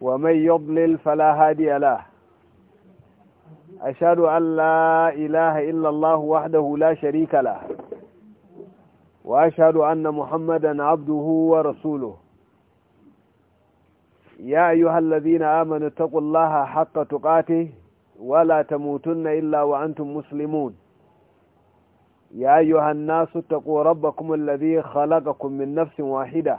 ومن يضلل فلا هادي له أشهد أن لا إله إلا الله وحده لا شريك له وأشهد أن محمدا عبده ورسوله يا أيها الذين آمنوا اتقوا الله حق تقاته ولا تموتن إلا وأنتم مسلمون يا أيها الناس اتقوا ربكم الذي خلقكم من نفس واحدة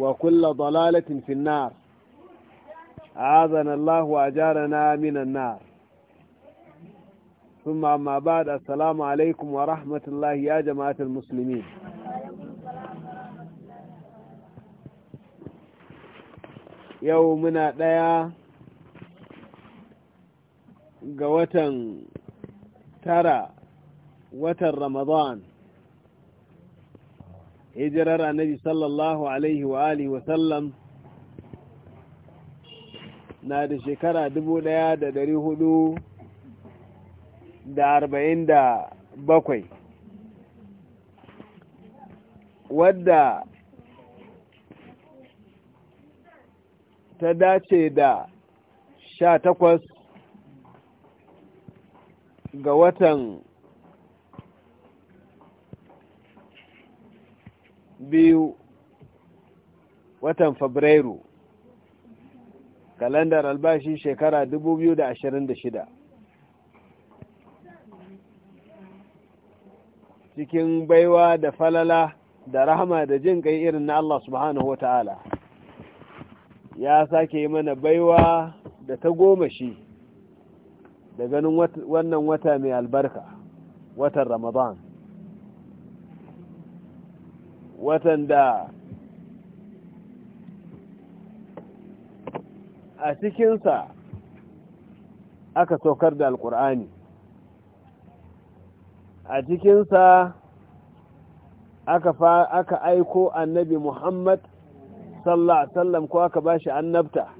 وكل ضلالة في النار أعاذنا الله وأجارنا من النار ثم أما بعد السلام عليكم ورحمة الله يا جماعة المسلمين يومنا ديا قوة ترى وتر رمضان hijirar annabi sallallahu alaihi wa alihi wasallam na da shekara dubu da da dari hudu arba'in bakwai wadda ta dace da sha takwas ga watan biyu watan fabrairu kalandar albashi shekara da ashirin shida cikin baiwa da falala da rahama da jin kai irin na Allah subhanahu wa ta'ala ya sake mana baiwa da ta goma shi da ganin wannan wata mai albarka watan ramadan watan da a cikinsa aka saukar da alkur'ani a cikinsa aka, aka aiko annabi muhammad sallallahu wasallam ko aka bashi annabta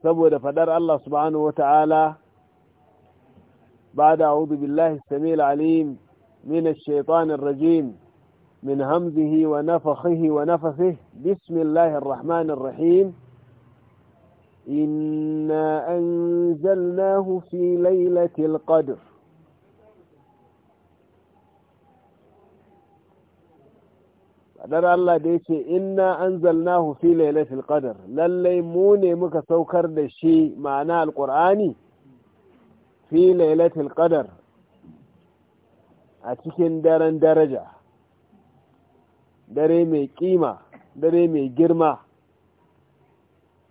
saboda fadar allah subhanahu wa ta'ala بعد أعوذ بالله السميع العليم من الشيطان الرجيم من همزه ونفخه ونفثه بسم الله الرحمن الرحيم إنا أنزلناه في ليلة القدر قدر الله ديشي إنا أنزلناه في ليلة القدر للي موني مكسوكر دشي معناه القرآني fi lailatul qadar a cikin daren daraja dare mai kima dare mai girma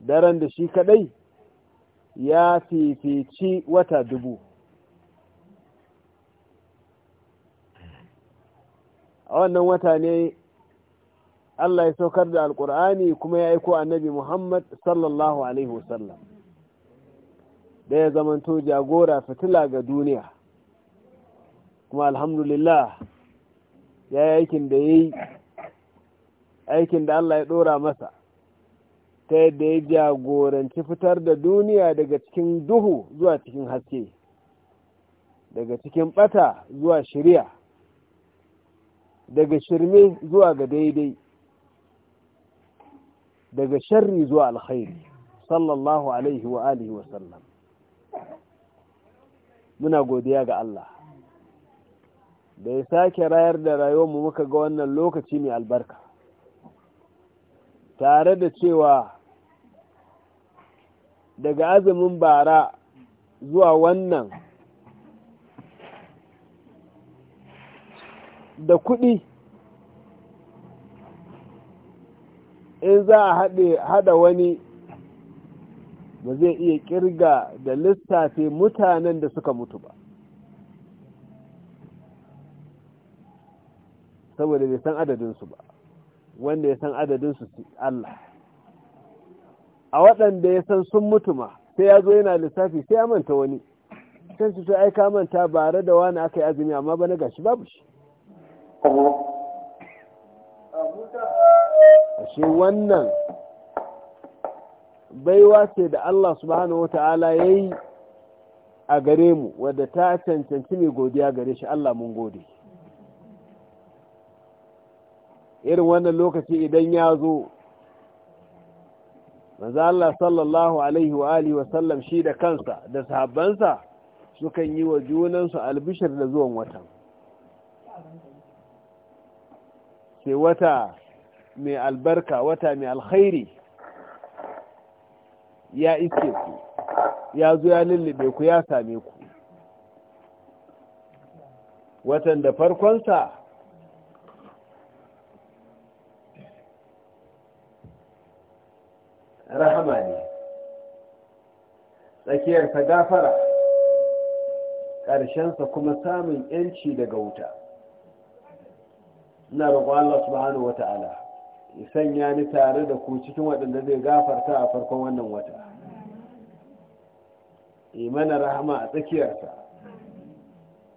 daren da shi kadai ya fifici wata dubu a wannan wata ne Allah ya saukar da alkur'ani kuma ya aiko annabi Muhammad sallallahu alaihi wasallam da ya zamanto jagora fitila ga duniya kuma alhamdulillah ya yi aikin da ya yi aikin da Allah ya ɗora masa ta yadda ya jagoranci fitar da duniya daga cikin duhu zuwa cikin haske daga cikin ɓata zuwa shirya daga shirme zuwa ga daidai daga sharri zuwa alkhairi sallallahu alaihi wa alihi wa sallam muna godiya ga Allah da ya sake rayar da rayuwarmu muka ga wannan lokaci mai albarka tare da cewa daga azumin bara zuwa wannan da kuɗi in za a haɗa wani ba zai iya kirga da lissafe mutanen da suka mutu ba saboda bai san adadinsu ba wanda ya san adadinsu Allah a waɗanda ya san sun mutu ma sai ya zo yana lissafi sai ya manta wani sai su sai ka manta ra da wani aka yi azumi amma ba na gashi babu shi ashe wannan baiwa ce da Allah subhanahu wata'ala ya yi a gare mu wadda ta cancanci mai godiya gare shi Allah mun gode irin wannan lokaci idan ya zo maza Allah sallallahu alaihi wa alihi wa sallam shi da kansa da sahabbansa sukan yi wa junansu albishir da zuwan watan sai wata mai albarka wata mai alkhairi ya iske ku ya zo ya lullube ku ya same ku watan da farkonsa rahama ne tsakiyarsa gafara ƙarshensa kuma samun yanci daga wuta na roƙon Allah subhanahu wata'ala sanya ni tare da ku cikin waɗanda zai gafarta a farkon wannan wata imana rahama a tsakiyarsa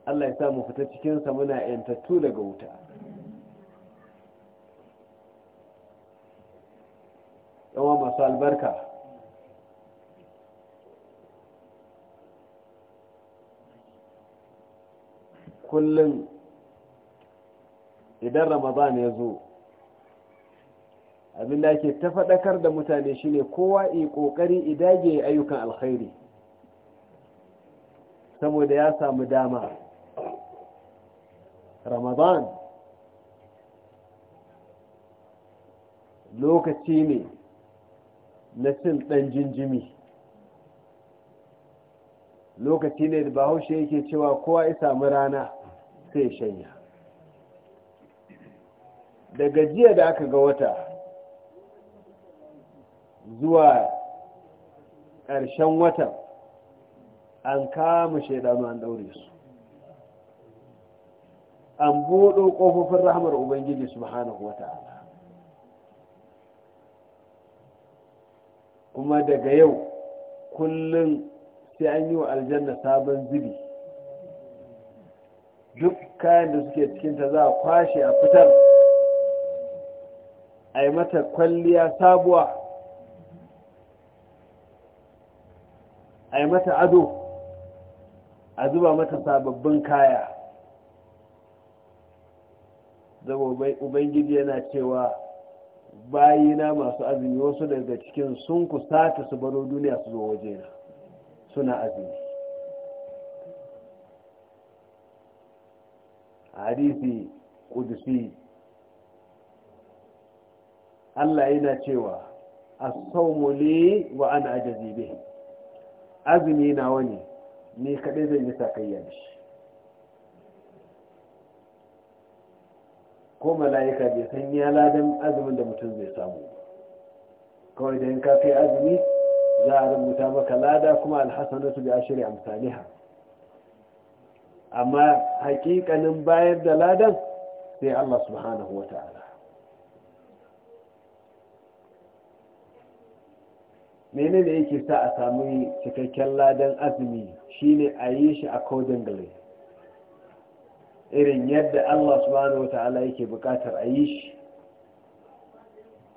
Allah ya sa mu fita cikinsa muna yantattu daga wuta yawan masu albarka kullum idan ramadan ya zo abin da ake ta faɗakar da mutane shi ne kowa yi ƙoƙari idage ayyukan alkhairi saboda ya samu dama ramadan lokaci ne na cin ɗan jinjimi lokaci ne da bahaushe yake cewa kowa ya samu rana sai shanya daga jiya da aka ga wata zuwa ƙarshen watan an kama shaidanu an daure su an buɗo ƙofofin rahmar ubangiji subhanahu wa ta'ala kuma daga yau kullum sai an yi wa aljanna sabon zubi duk kayan da suke cikinta za a kwashe a fitar a yi mata kwalliya sabuwa a yi mata ado a zuba mata sababbin kaya zama ubangiji yana cewa bayina masu azumi wasu daga cikin sun kusata su baro duniya su zo wajena suna azumi hadisi kudusi Allah yana cewa a saumuli wa ana ajazi bihi azumi nawa ne ni kaɗai zan yi sakayya da shi ko mala'ika bai san ya ladan azumin da mutum zai samu kawai da yin kai azumi za a rubuta maka lada kuma Alhassan alhassanatu bi amfani ha amma hakikanin bayar da ladan sai Allah subhanahu ta'ala. Mene ne yake sa a samu cikakken ladan azumi shine a yi shi a irin yadda Allah subhanahu wa ta'ala yake bukatar a yi shi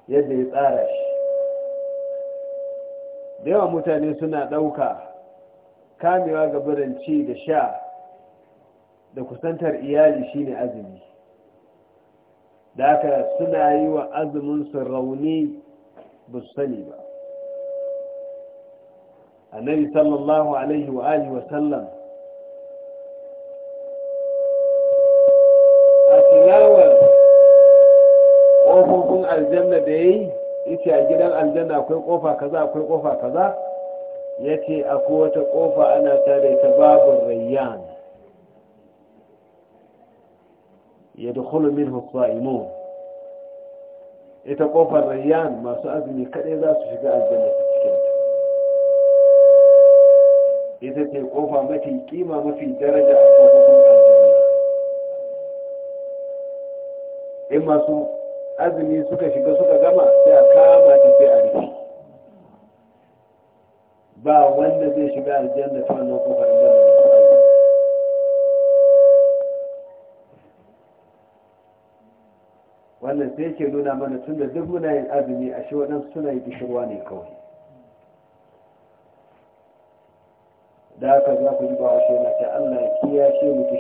yadda ya tsara shi da yawan mutane suna ɗauka kamewa ga birin ci da sha da kusantar iyali shine azumi da aka suna yi wa azumin su rauni ba su sani ba annabi sallallahu alaihi wa alihi wa sallam a tilawar ƙofofin aljanna da ya yi ita a gidan aljanna akwai ƙofa kaza akwai ƙofa kaza ya ce akwai wata ƙofa ana ta da ita babin rayyan ya dukulu min hussa'imo ita ƙofar rayyan masu azumi kaɗai za su shiga aljanna ita ce kofa mafi kima mafi daraja a kofofin aljanna in masu azumi suka shiga suka gama sai a kama ta sai a rike ba wanda zai shiga aljanna ta wannan kofar da masu azumi wannan sai ke nuna mana tun da duk muna yin azumi a shi waɗansu suna yi gishirwa ne kawai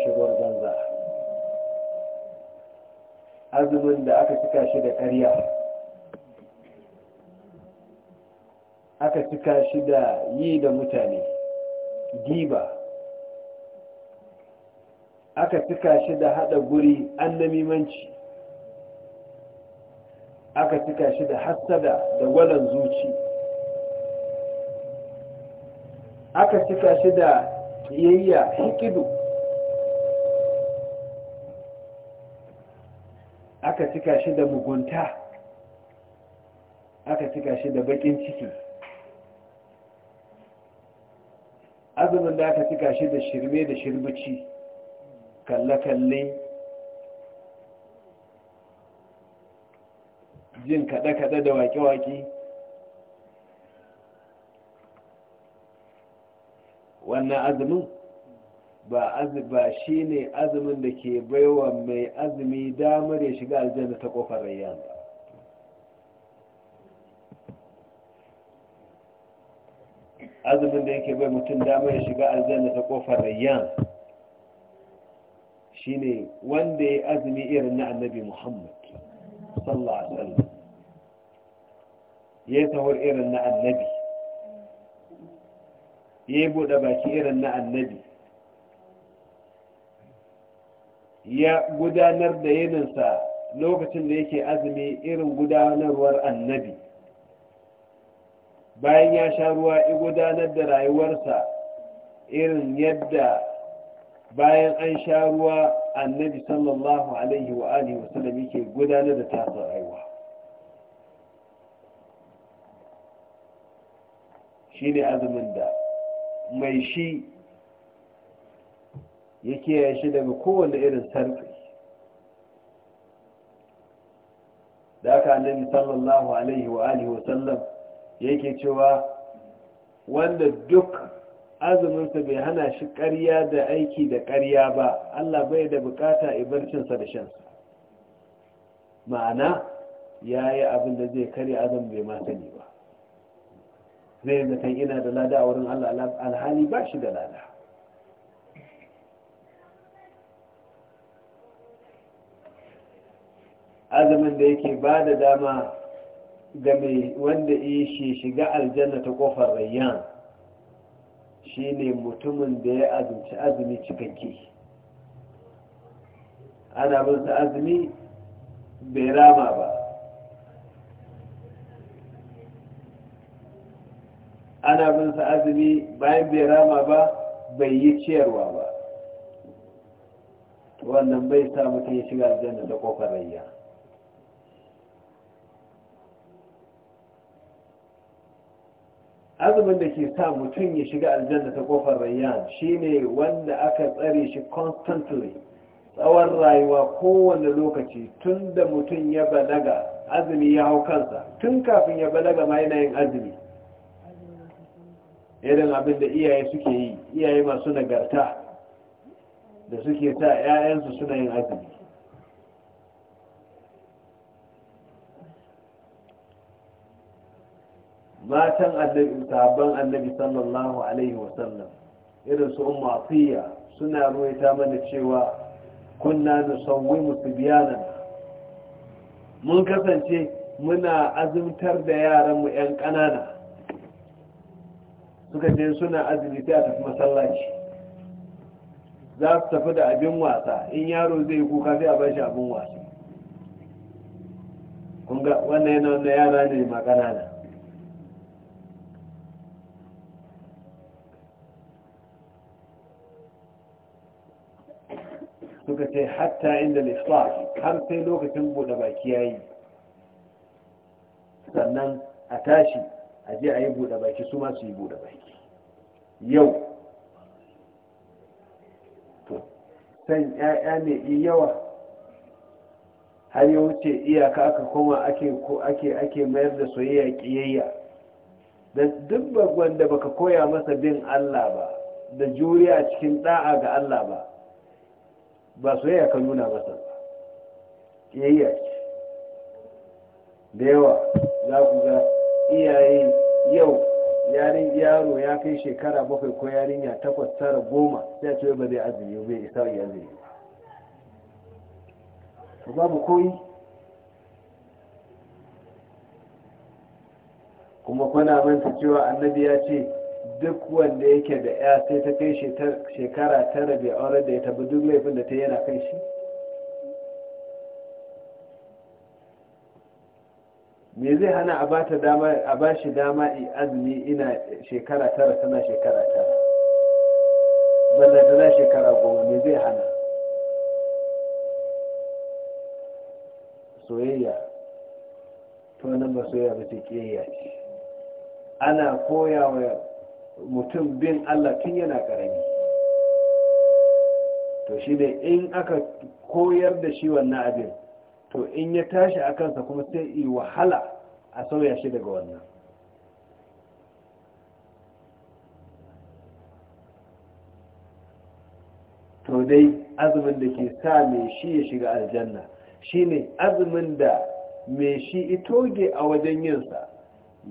shigar banza azumin da aka cika shi da ƙarya aka cika shi da yi da mutane giba aka cika shi da haɗa guri annamimanci aka cika shi da hassada da gwalan zuci aka cika shi da yayya hikidu aka cika shi da mugunta aka cika shi da bakin ciki azumin da aka cika shi da shirme da shirbici kalle-kalle jin kada-kada da waƙe-waƙe wannan azumin ba azba shine azumin da ke baiwa mai azumi damar ya shiga aljanna ta kofar rayyan ba azumin da yake bai mutum damar ya shiga aljanna ta kofar rayyan shine wanda ya azumi irin na annabi muhammad sallallahu alaihi wasallam ya tawar irin na annabi ya buɗe baki irin na annabi ya gudanar da yininsa lokacin da yake azumi irin gudanarwar annabi bayan ya sha ruwa ya gudanar da rayuwarsa irin yadda bayan an sha ruwa annabi sallallahu alaihi wa alihi wasallam yake gudanar da tasa rayuwa shine azumin da mai shi ya kiyaye shi daga kowane irin sarki. da aka annabi sallallahu alaihi wa alihi wa sallam yake cewa wanda duk azuminsa bai hana shi ƙarya da aiki da ƙarya ba Allah bai da bukata ibarcinsa da shansa ma'ana ya yi abin da zai karya azumin bai ma sani ba zai zata ina da lada a wurin Allah alhali ba shi da lada azumin da yake ba da dama ga mai wanda ya shi shiga aljanna ta kofar rayyan ne mutumin da ya azumci azumi cikakke ana bin su azumi bai rama ba ana bin azumi bayan bai rama ba bai yi ciyarwa ba wannan bai sa mutum ya shiga aljanna ta kofar rayyan azumin da ke sa mutum ya shiga aljanna ta kofar rayyan shine wanda aka tsare shi constantly tsawon rayuwa kowane lokaci tun da mutum ya balaga azumi ya hau kansa tun kafin ya balaga ma yana yin azumi irin abin da iyaye suke yi iyaye masu nagarta da suke sa 'ya'yansu suna yin azumi matan annabi sahabban annabi sallallahu alaihi wasallam irin su umma atiya suna ruwaita mana cewa kunna nusawwimu tibyanan mun kasance muna azumtar da yaran mu yan kanana suka je suna azumi sai a tafi masallaci za su tafi da abin wasa in yaro zai kuka sai a bar shi abin wasa kun ga wannan yana wannan yara ne ma kanana suka ce hatta inda lissafi har sai lokacin buɗe baki ya yi sannan a tashi a je a yi buɗe baki su ma su yi buɗe baki yau to san ya'ya ne yawa har ya wuce iyaka aka koma ake ko ake ake mayar da soyayya kiyayya da duk wanda baka koya masa bin Allah ba da juriya cikin da'a ga Allah ba ba soyayya ka nuna masa ƙiyayya da yawa za ku ga iyaye yau yarin yaro ya kai shekara bakwai ko yarinya takwas tara goma sai ce ba zai azumi bai isa ya zai babu koyi kuma kwana manta cewa annabi ya ce duk wanda yake da ya sai ta kai shekara tara bai aure da ya tabi duk laifin da ta yana kai shi me zai hana a ba shi dama azumi ina shekara tara tana shekara tara balla tana shekara goma me zai hana soyayya to nan ba soyayya ba ta ƙiyayya ce ana koya wa mutum bin Allah tun yana karami to shi ne in aka koyar da shi wannan abin to in ya tashi a kansa kuma sai yi wahala a sauya shi daga wannan to dai azumin da ke sa mai shi ya shiga aljanna shi ne azumin da mai shi itoge a wajen yinsa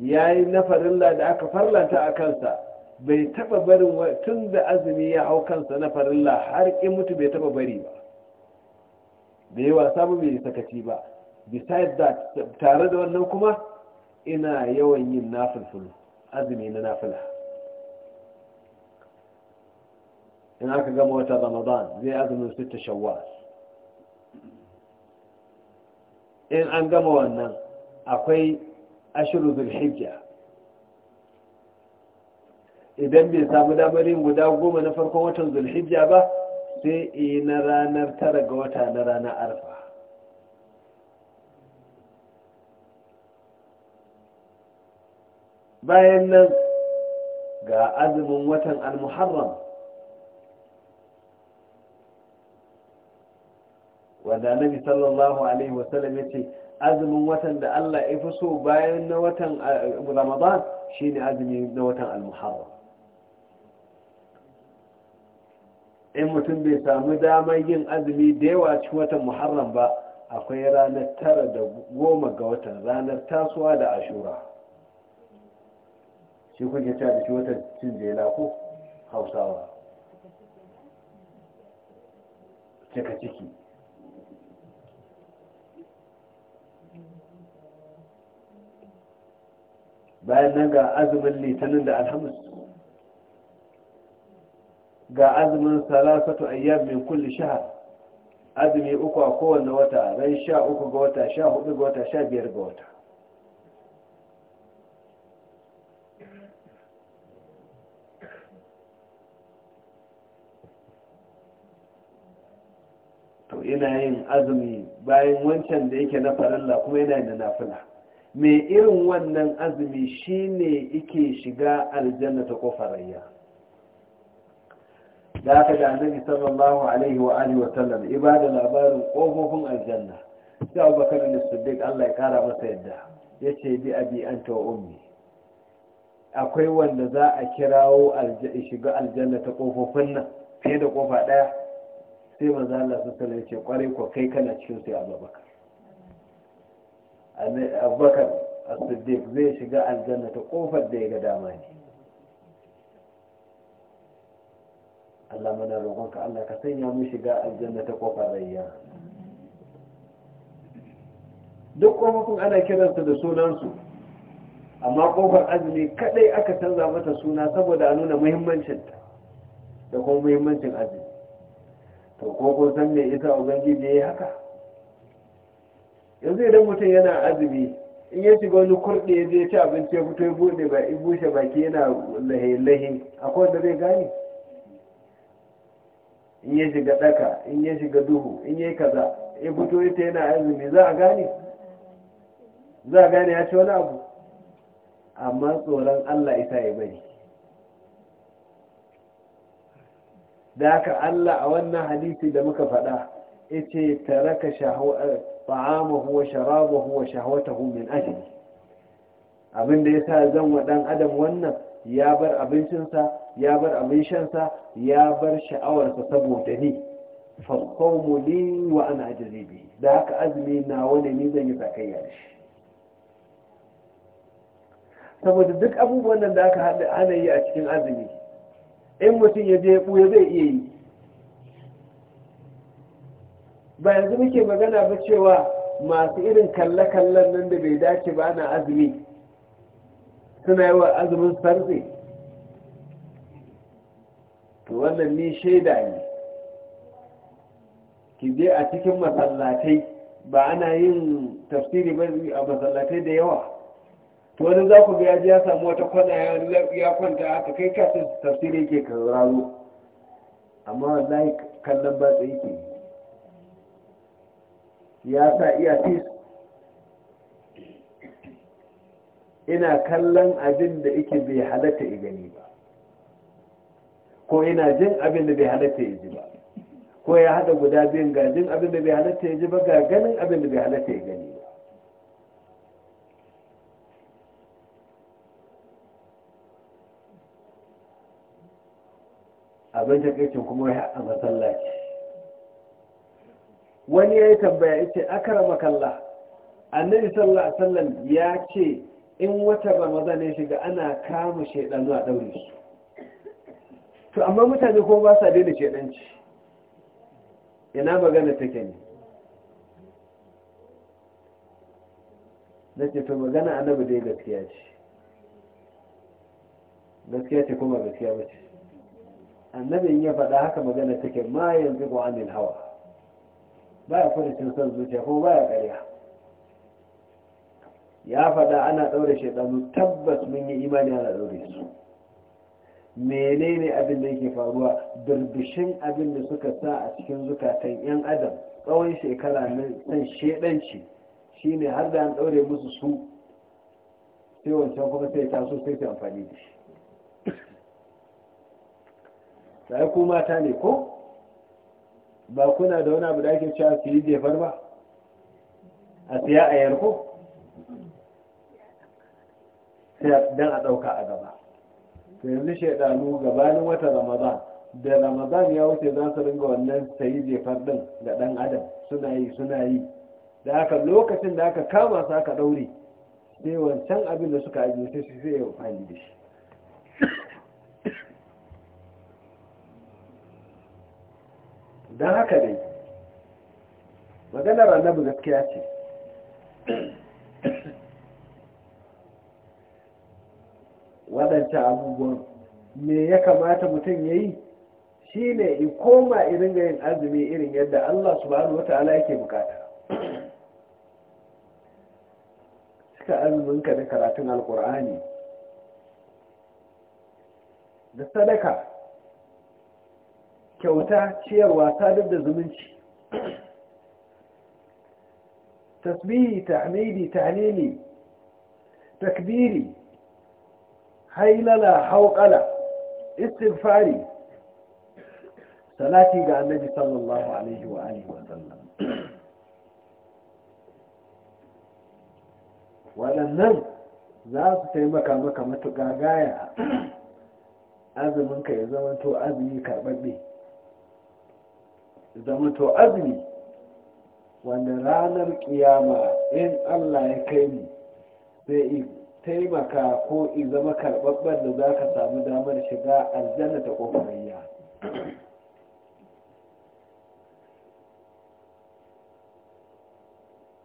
ya yi na farilla da aka farlanta a kansa bai taba barin tun da azumi ya hau kansa na farilla har in mutu bai taba bari ba da yawa samu mai sakaci ba besides that tare da wannan kuma ina yawan yin nafilfulu azumi na nafila in aka gama wata ramadan zai azumin sita shawwal in an gama wannan akwai ashiru zulhijjah idan bai samu damar yin guda goma na farkon watan zulhijja ba sai yi na ranar tara ga wata na ranar arfa bayan nan ga azumin watan al-muharram wanda annabi sallallahu alaihi wasallam ya ce azumin watan da Allah ya fi so bayan na watan eh, ramadan shine azumi na watan al-muharram in mutum bai samu damar yin azumi da yawa cikin watan muharram ba akwai ranar tara da goma ga watan ranar tasowa da ashura shi kuke cewa da shi watan cin jela ko hausawa cika ciki bayan nan ga azumin litinin da alhamis ga azumin salasatu ayyam min kulli shahr azumi uku a kowanne wata ran sha uku ga wata sha hudu ga wata sha biyar ga wata to ina yin azumi bayan wancan da yake na faralla kuma yana yin na nafila mai irin wannan azumi shine yake shiga aljanna ta kofarayya da aka da annabi sallallahu alaihi wa alihi wa sallam ibada labarin kofofin aljanna sai abubakar da siddiq Allah ya kara masa yadda yace bi abi anta wa ummi akwai wanda za a kirawo shiga aljanna ta kofofin nan fiye da kofa daya sai manzo Allah sallallahu alaihi yace kwarai ko kai kana cikin sai abubakar abubakar as-siddiq zai shiga aljanna ta kofar da ya ga dama ne Allah mana roƙonka Allah ka sanya mu shiga aljanna ta kofar rayya duk kofofin ana kiransu da sunansu amma kofar azumi kadai aka canza mata suna saboda a nuna ta da kuma muhimmancin azumi to ko kun san me ita ubangiji yayi haka yanzu idan mutum yana azumi in ya shiga wani kurɗe ya je ci abinci ya fito ya bude ba in bushe baki yana lahe-lahe akwai wanda zai gane in ya shiga daka in ya shiga duhu in ya yi kaza ya fito ita yana azumi za a gane za a gane ya ci wani abu amma tsoron allah isa ya bari da haka allah a wannan hadisi da muka faɗa ita taraka raka eh, wa sharabahu wa shahwatahu min ajli abin da ya sa zan wa ɗan adam wannan ya bar abincinsa ya bar abin shansa ya bar sha'awarsa saboda ni fasqawmu wa ana da haka azumi na wani ni zan yi sakayya da shi saboda duk abubuwan nan da aka hada ana yi a cikin azumi in mutum ya je ya ɓuya zai iya yi ba yanzu muke magana ba cewa masu irin kalle-kallen nan da bai dace ba na azumi suna yi azumin sarfe to wannan ni shaida ne ki je a cikin masallatai ba ana yin tafsiri ba a masallatai da yawa to wani za ku ga ya ji ya samu wata kwana ya kwanta haka kai kasu tafsiri ke kararo amma wallahi kallon ba tsaye ke ya sa iya fis ina kallon abin da yake bai halatta ya gani ba ko ina jin abin da bai halatta ya ji ba ko ya hada guda biyun ga jin abin da bai halatta ya ji ba ga ganin abin da bai halatta ya gani ba abin takaicin kuma ya a masallaci wani ya yi tambaya ya ce akarama kalla annabi sallallahu alaihi wasallam ya ce in wata ramadan ya shiga ana kama shaidanu a daure su to amma mutane ko ba sa daina shaidanci ina magana take ne na ce to magana annabi dai gaskiya ce gaskiya ce kuma gaskiya ba ce annabin ya faɗa haka magana take ma yanzu ko amin hawa ba ya furicin son zuciya ko ba ya ƙarya ya faɗa ana ɗaure shaidanu tabbas mun yi imani ana ɗaure su menene abin da yake faruwa birbishin abin da suka sa a cikin zukatan yan adam tsawon shekara na san shaidanci ne har da an ɗaure musu su sai wancan kuma sai taso sai su amfani da shi sai ku mata ne ko ba kuna da wani abu da ake cewa su yi jefar ba a siya a yarko don a ɗauka a gaba to yanzu shaidanu gabanin wata ramadan da ramadan ya wuce za su ringa wannan sayi jefar din ga ɗan adam suna yi suna yi da haka lokacin da aka kama su aka ɗaure sai wancan abin da suka ajiye sai su sai ya amfani da shi don haka dai maganar annabi gaskiya ce waɗanta abubuwan me ya kamata mutum ya yi shi ne i koma irin ga yin azumi irin yadda Allah subhanahu wata'ala yake bukata suka azuminka da karatun alkur'ani da sadaka kyauta ciyarwa sadar da zumunci tasbihi ta tahlili takbiri hailala hauƙala istighfari salati ga annabi sallallahu alaihi wa alihi wa sallam waɗannan za su taimaka maka matuƙa gaya ka ya zama to azumi karɓaɓɓe to azumi wanda ranar ƙiyama in allah ya kai ni sai taimaka ko izama karɓaɓɓen da za ka samu damar shiga aljanna ta ƙofarayya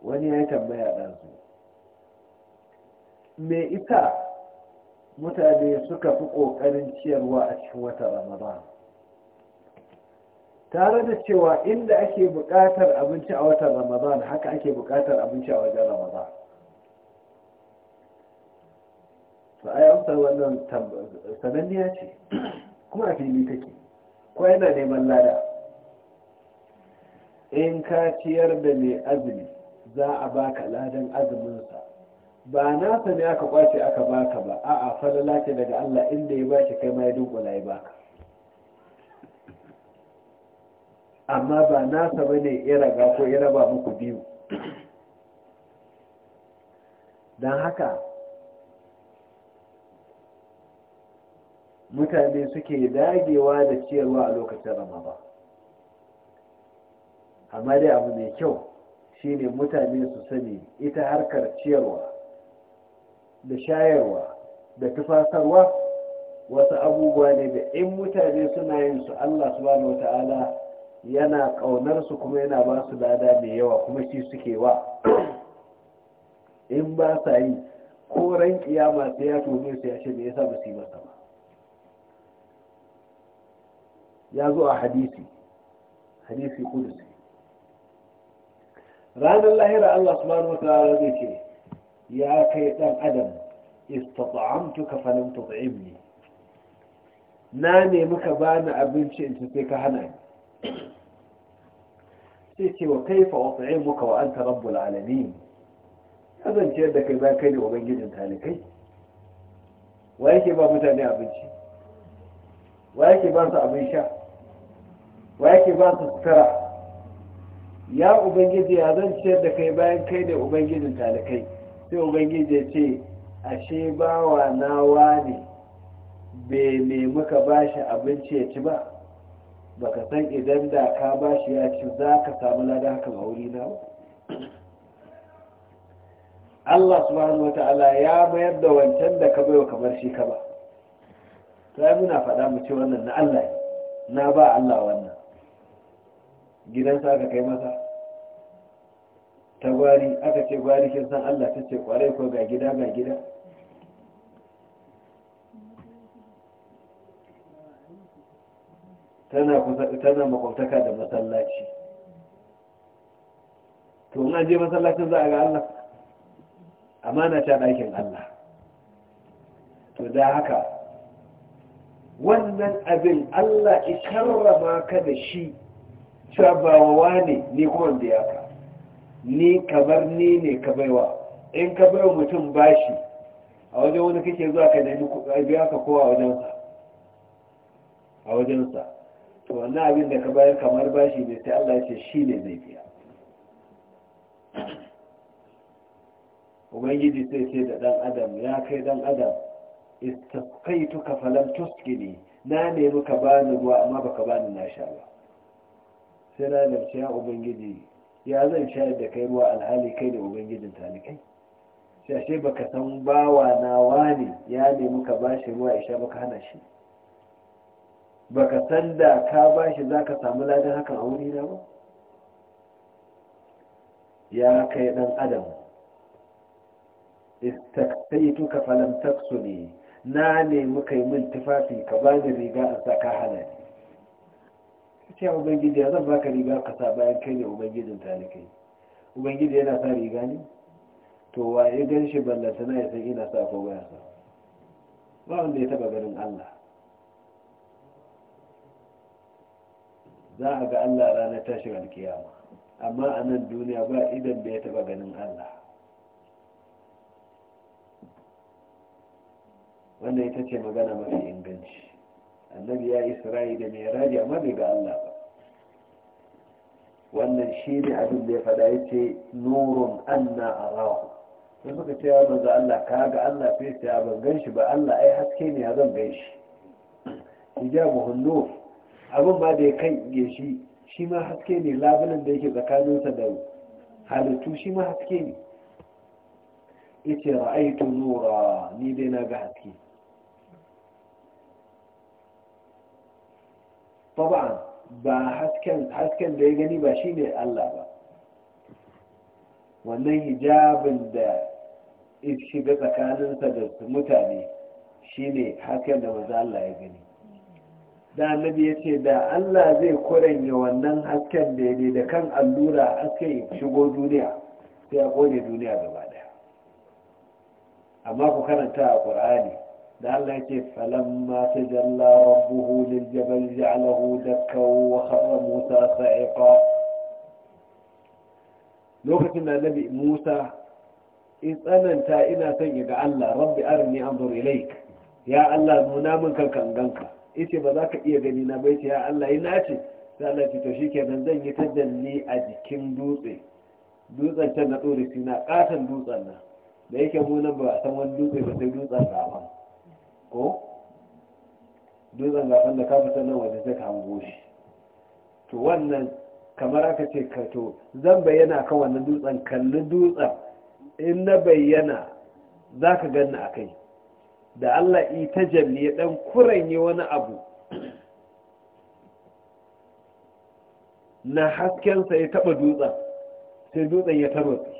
wani ya yi tambaya ɗansu me ita mutane suka fi ƙoƙarin ciyarwa a cikin wata ramadan tare da cewa inda ake buƙatar abinci a watan ramadan haka ake buƙatar abinci a wajen ramadan to ai wannan sananniya ce kuma a fili take ko yana neman lada in ka ciyar da mai azumi za a baka ladan azuminsa ba nasa ne aka kwace aka baka ba a'a falala ce daga Allah inda ya baki kai ma ya dunkula ya baka amma ba nasa ne ya raga ko ya raba muku biyu don haka mutane suke dagewa da ciyarwa a lokacin ba, amma dai abu mai kyau shine mutane su sani ita harkar ciyarwa da shayarwa da tufasarwa wasu abubuwa ne da in mutane suna yin su allah subhanahu wata'ala yana ƙaunar su kuma yana ba su lada mai yawa kuma shi suke wa in ba sa yi ran kiyama sai ya tome su ya me yasa ba su yi masa ba ya zo a hadisi hadisi kudusi ranar lahira Allah subhanahu wataala zai ce ya kai dan adam istata'amtuka falam tut'imni na nemi ka bani abinci in sai ka hana ni sai ce wa kaifa ut'imuka wa anta rabbul alamin Kazance da kai ba kai ne ubangijin talikai wa yake ba mutane abinci wa yake ba su abin sha wa yake ba su sutura ya ubangiji ya zan ciyar da kai bayan kai da ubangijin talakai sai ubangiji ya ce ashe bawa nawa ne bai nemi ka bashi abinci ya ci ba baka san idan da ka ba shi ya ci za ka samu lada haka a wuri na Allah subhanahu wa ta'ala ya mayar da wancan da ka baiwa kamar shi ka ba sai muna faɗa mu ce wannan na Allah na ba Allah wannan gidansa aka kai masa ta gwari aka ce gwari kin san Allah ta ce kwarai ko ga gida ga gida tana kusa tana makwabtaka da masallaci to na je masallacin za a ga Allah amana ta ɗakin Allah to da haka wannan abin Allah ya karrama ka da shi cewa ba wa wane ni kuma ya ka ni kamar ni ne ka baiwa in ka baiwa mutum bashi a wajen wani kake zuwa ka nemi biya ka kowa a wajensa a to wannan abin da ka bayar kamar bashi ne sai Allah ce shi ne zai biya ubangiji sai sai da dan adam ya kai dan adam istaqaituka kafalan tuskini na nemi ka bani ruwa amma baka bani na sha ba sai ranar ce ya ubangiji ya zan shayar da kai ruwa alhali kai da ubangijin talikai shashe baka san bawa na wani ya nemi ka shi ruwa isha baka hana shi baka san da ka ba shi za ka samu ladan hakan a wuri na ba ya kai dan adam istaktaituka falam taksuni na nemi kai min tufafi ka ba ni riga a saka hana ce ubangiji ya zan baka riga kasa bayan kai ne ubangijin talikai ubangiji yana sa riga ne to wa ya gan shi ballanta na ya san ina sa ko baya sa ba wanda ya taba ganin Allah za a ga Allah ranar tashin alkiyama amma a nan duniya ba idan da ya taba ganin Allah wannan ita ce magana mafi inganci annabi ya isra'i da mai raji amma bai ga Allah ba wannan shi ne abin da ya faɗa ya ce nurun anna arahu sai suka ce wa manzo Allah ka ga Allah sai ta ban gan shi ba Allah ai haske ne ya zan gan shi hijabu hunnu abin ba da ya kai ya shi shi ma haske ne labulin da yake tsakaninsa da halittu shi ma haske ne yace ra'aytu nura ni dai na ga haske طبعا ba hasken hasken da ya gani ba shine Allah ba wannan hijabin da shiga tsakaninsa da mutane shine hasken da maza Allah ya gani da annabi ya ce da Allah zai kuranya wannan hasken da ya ne da kan allura hasken shigo duniya sai a kone duniya gaba daya amma ku karanta a ƙur'ani da Allah yake falamma tajalla rabbuhu lil jabal ja'alahu dakka wa kharra Musa sa'iqa lokacin da Annabi Musa in tsananta ina son ya ga Allah rabbi arni anzur ilaik ya Allah nuna min kanka ganka yace ba za ka iya gani na bai ya Allah ina ce sai Allah ya to shikenan zan yi tajalli a jikin dutse dutsen ta na tsori sina katon dutsen nan da yake mu nan ba san wani dutse ba sai dutsen rafa ko duk zangafan da ka fita waje zai hango shi to wannan kamar aka ce ka to zan bayyana ka wannan dutsen kalli dutsen in na bayyana za ka ganna a kai da Allah ita jalli ya dan kuranye wani abu na haskensa ya taba dutsen sai dutsen ya tarwatsi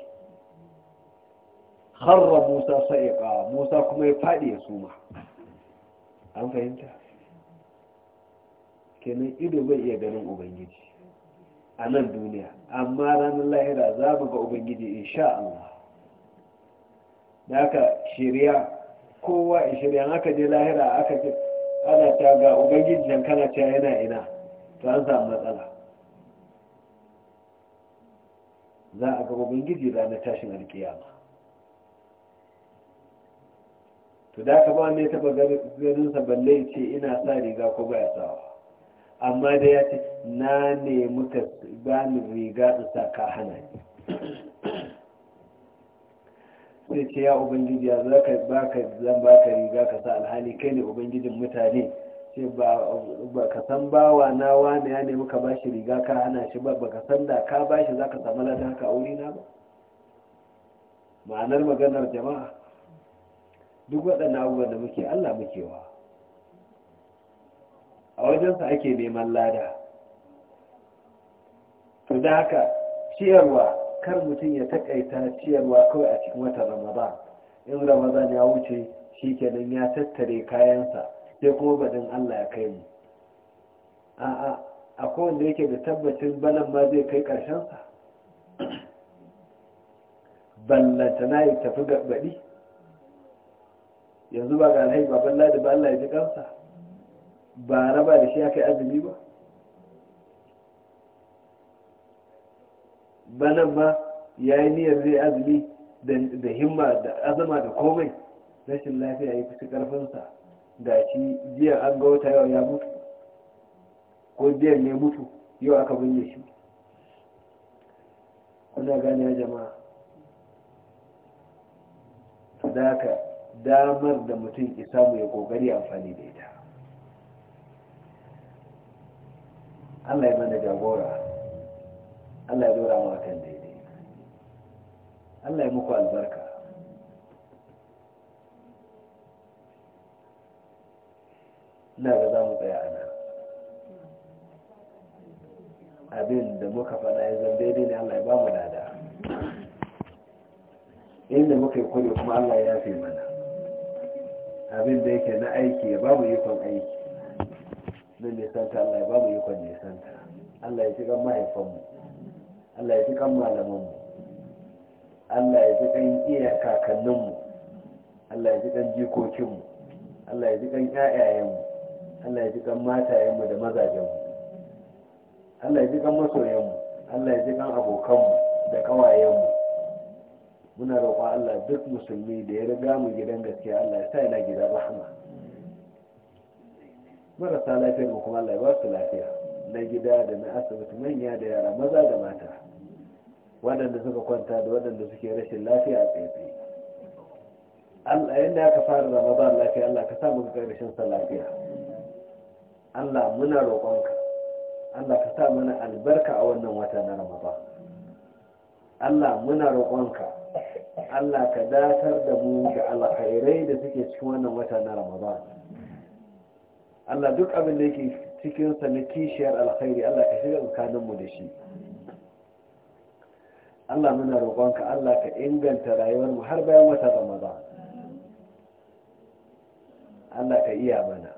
harra musa sa'iƙa musa kuma ya faɗi ya suma an fahimta kenan ido bai iya ganin ubangiji a nan duniya amma ranar lahira za mu ga ubangiji insha Allah da aka shirya kowa in shirya aka je lahira aka ce ana ta ga ubangiji nan kana cewa yana ina to an samu matsala za a ga ubangiji ranar tashin alkiyama to da ka ba wanda ya taba ganin sa balle ya ce ina sa riga ko ba ya sawa amma da ya ce na ne muka ba ni riga in sa ka hana ni sai ce ya ubangiji ya za ka ka zan ka riga ka sa alhali kai ne ubangijin mutane ce ba ka san bawa na wani ya ne muka ba shi riga ka hana shi ba ka san da ka ba shi za ka samu ladan haka a wurina ba ma'anar maganar jama'a duk waɗannan abubuwan da muke Allah wa. a wajensa ake neman lada to da haka ciyarwa kar mutum ya taƙaita ciyarwa kawai a cikin watan ramadan in ramadan ya wuce shi kenan ya tattare kayansa sai kuma baɗin allah ya kai mu a'a a kowanne yake da tabbacin balan ma zai kai ƙarshensa na yi tafi gaɓaɗi yanzu ba ga alhaji baban ladi ba Allah ya ji kansa ba raba da shi ya kai azumi ba banan ma ya yi niyyar zai azumi da himma da azama da komai rashin lafiya ya fi karfinsa da shi jiya an ga wata yau ya mutu ko biyan ne mutu yau aka binne shi kuna gane ya jama'a da haka damar da mutum ya samu ya kokari amfani da ita Allah ya mana jagora Allah ya dora mu akan daidai Allah ya muku albarka ina ga za mu tsaya ana abin da muka fada ya zan daidai ne Allah ya ba mu lada inda muka yi kuri kuma Allah ya fi mana abin da yake na aiki ya babu ikon aiki na nisanta Allah ya babu ikon nisanta Allah ya cikin mahaifanmu Allah ya cikin malamanmu Allah ya cikin iya kakanninmu Allah ya cikin jikokinmu Allah ya cikin ƴaƴayenmu Allah ya cikin matayenmu da mazajenmu Allah ya cikin masoyanmu Allah ya cikin abokanmu da ƙawayenmu muna roƙon Allah duk musulmi da ya riga mu gidan gaskiya Allah ya sa yana gida rahama marasa lafiyar mu kuma Allah ya ba su lafiya na gida da na asibiti manya da yara maza da mata waɗanda suka kwanta da waɗanda suke rashin lafiya a tsaye Allah yadda aka fara Ramadan lafiya Allah ka sa mu ga ƙarshen sa lafiya Allah muna roƙonka Allah ka sa mana albarka a wannan wata na Ramadan Allah muna roƙonka Allah ka datar da mu ga alkhairai da suke cikin wannan wata na Ramadan Allah duk abin da yake cikin sa na kishiyar alkhairi Allah ka shiga tsakanin mu da shi Allah muna roƙonka Allah ka inganta rayuwar mu har bayan wata Ramadan Allah ka iya mana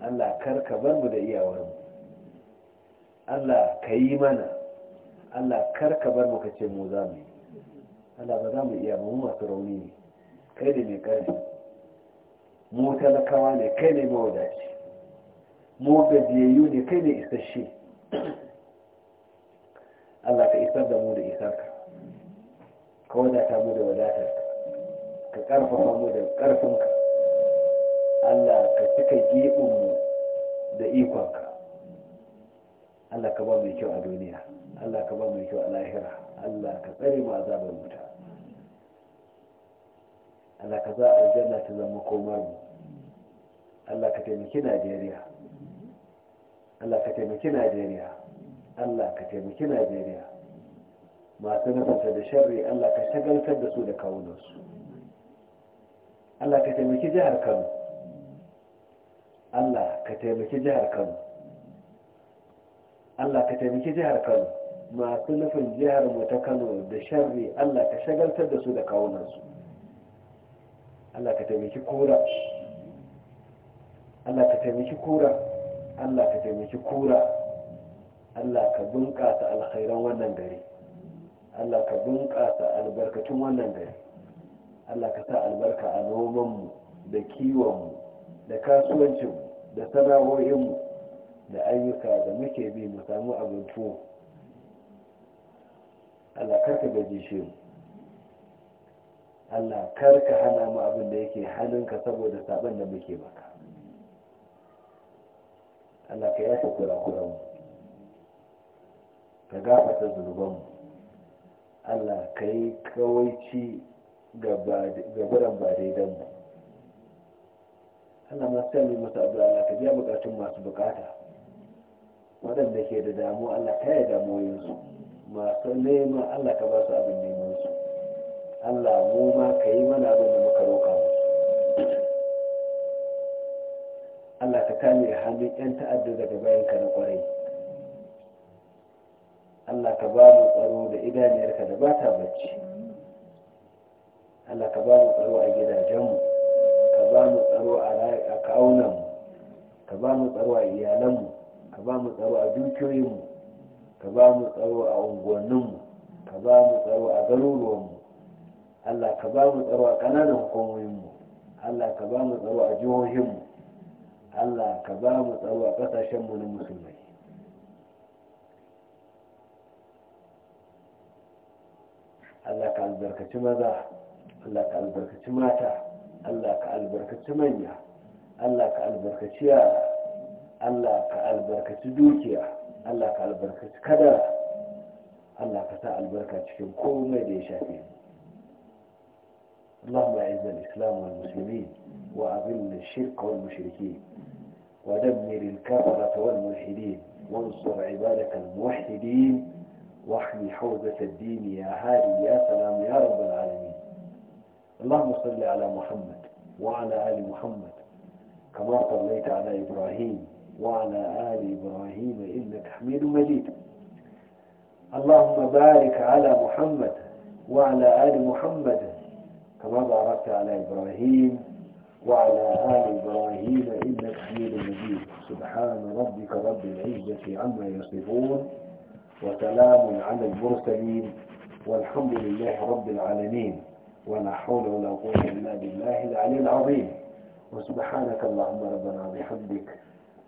Allah kar ka bar mu da iyawar mu Allah ka yi mana Allah kar ka bar mu ka ce mu za mu Allah ba za mu iya mu masu rauni ne kai da mai karfi mu talakawa ne kai ne mawadaci mu gajiyayyu ne kai ne isasshe Allah ka isar da mu da isarka ka wadata mu da wadatar ka karfafa mu da karfinka Allah ka cika mu da ikonka Allah ka ba mai kyau a duniya Allah ka ba mai kyau a lahira Allah ka tsare mu azabar wuta Allah ka za aljanna ta zama komar mu Allah ka taimaki Najeriya Allah ka taimaki Najeriya Allah ka taimaki Najeriya masu nufanta da sharri Allah ka shagaltar da su da kawunansu Allah ka taimaki jihar Kano Allah ka taimaki jihar Kano Allah ka taimaki jihar Kano masu nufin jihar mu ta kano da sharri allah ka shagaltar da su da kawunansu allah ka taimaki kura allah ka taimaki kura allah ka taimaki kura allah ka bunƙasa alkhairan wannan gari allah ka bunƙasa albarkatun wannan gari allah ka sa albarka a nomanmu da kiwonmu da kasuwancinmu da sana'o'inmu da ayyuka da muke bi mu samu abin tuwo Allah karka gaji shi mu Allah karka hana mu abin da yake hannunka saboda saban da muke maka Allah ka yafe kurakuran mu ka gafata zunuban mu Allah ka yi kawaici ga buran ba daidan mu Allah masu sami masu abu Allah ka biya bukatun masu bukata waɗanda ke da damu Allah ka yi yanzu. masu neman Allah ka ba su abin neman su Allah mu ma ka yi mana abin da muka roƙa musu Allah ka kame hannun 'yan ta'adda daga bayan ka na kwarai Allah ka ba mu tsaro da idaniyar ka da ba ta bacci Allah ka ba mu tsaro a gidajenmu ka ba mu tsaro a kawunanmu ka ba mu tsaro a iyalanmu ka ba mu tsaro a dukiyoyinmu kabamu tsaro a unguwanninmu ka ba tsaro a garuruwanmu Allah ka ba mu tsaro a ƙananan hukumominmu Allah ka ba mu tsaro a jihohinmu Allah ka ba mu tsaro a ƙasashenmu na musulmai Allah ka albarkaci maza Allah ka albarkaci mata Allah ka albarkaci manya Allah ka albarkaci yara Allah ka albarkaci dukiya Allah ka albarkaci kadara Allah ka sa albarka cikin komai da ya اللهم اعز الإسلام والمسلمين وأذل الشرك والمشركين ودمر الكفرة والملحدين وانصر عبادك الموحدين واحمي حوزة الدين يا هادي يا سلام يا رب العالمين اللهم صل على محمد وعلى آل محمد كما صليت على إبراهيم وعلى آل إبراهيم إنك حميد مجيد اللهم بارك على محمد وعلى آل محمد كما باركت على إبراهيم وعلى آل إبراهيم إنك حميد مجيد سبحان ربك رب العزة عما يصفون وسلام على المرسلين والحمد لله رب العالمين ولا حول ولا قوة إلا بالله العلي العظيم وسبحانك اللهم ربنا بحمدك